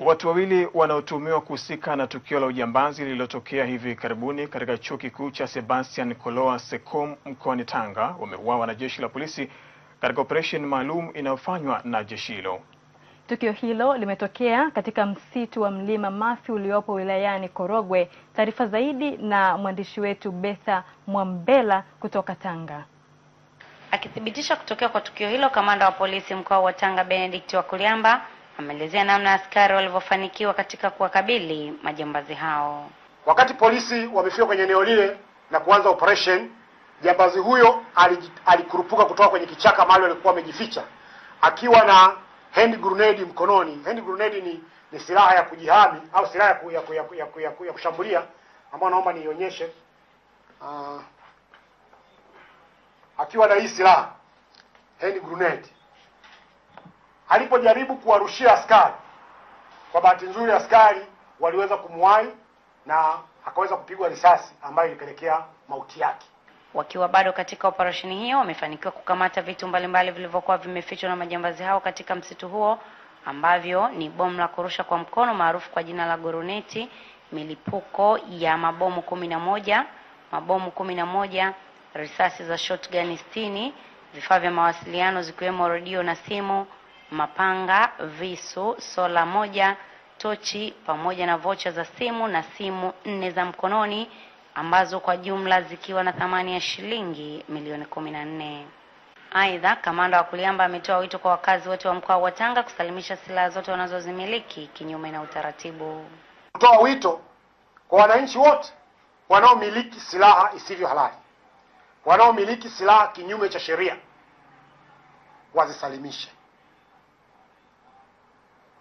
Watu wawili wanaotuhumiwa kuhusika na tukio la ujambazi lililotokea hivi karibuni katika chuo kikuu cha Sebastian Koloa Sekom mkoani Tanga wameuawa na jeshi la polisi katika operesheni maalum inayofanywa na jeshi hilo. Tukio hilo limetokea katika msitu wa Mlima Mafi uliopo wilayani Korogwe. Taarifa zaidi na mwandishi wetu Betha Mwambela kutoka Tanga. Akithibitisha kutokea kwa tukio hilo, kamanda wa polisi mkoa wa Tanga Benedict Wakuliamba ameelezea namna askari walivyofanikiwa katika kuwakabili majambazi hao. Wakati polisi wamefika kwenye eneo lile na kuanza operation, jambazi huyo alikurupuka kutoka kwenye kichaka mahali alikuwa amejificha akiwa na hand grenade mkononi. Hand grenade ni, ni silaha ya kujihami au silaha ya, ku, ya, ku, ya, ku, ya, ku, ya, ku, ya kushambulia ambayo naomba niionyeshe. Uh, akiwa na hii silaha hand grenade alipojaribu kuwarushia askari. Kwa bahati nzuri, askari waliweza kumwahi na akaweza kupigwa risasi ambayo ilipelekea mauti yake. Wakiwa bado katika operesheni hiyo, wamefanikiwa kukamata vitu mbalimbali vilivyokuwa vimefichwa na majambazi hao katika msitu huo ambavyo ni bomu la kurusha kwa mkono maarufu kwa jina la guruneti milipuko ya mabomu kumi na moja, mabomu kumi na moja, risasi za shotgun sitini, vifaa vya mawasiliano zikiwemo redio na simu mapanga, visu, sola moja, tochi pamoja na vocha za simu na simu nne za mkononi ambazo kwa jumla zikiwa na thamani ya shilingi milioni kumi na nne. Aidha, kamanda wa Kuliamba ametoa wito kwa wakazi wote wa mkoa wa Tanga kusalimisha silaha zote wanazozimiliki kinyume na utaratibu. Kutoa wito kwa wananchi wote wanaomiliki silaha isivyo halali, wanaomiliki silaha kinyume cha sheria, wazisalimishe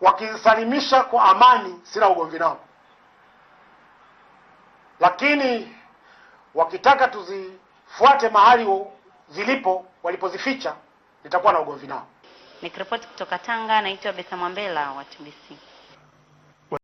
wakisalimisha kwa amani, sina ugomvi nao, lakini wakitaka tuzifuate mahali zilipo walipozificha, nitakuwa na ugomvi nao. Nikiripoti kutoka Tanga, naitwa Betha Mwambela wa TBC.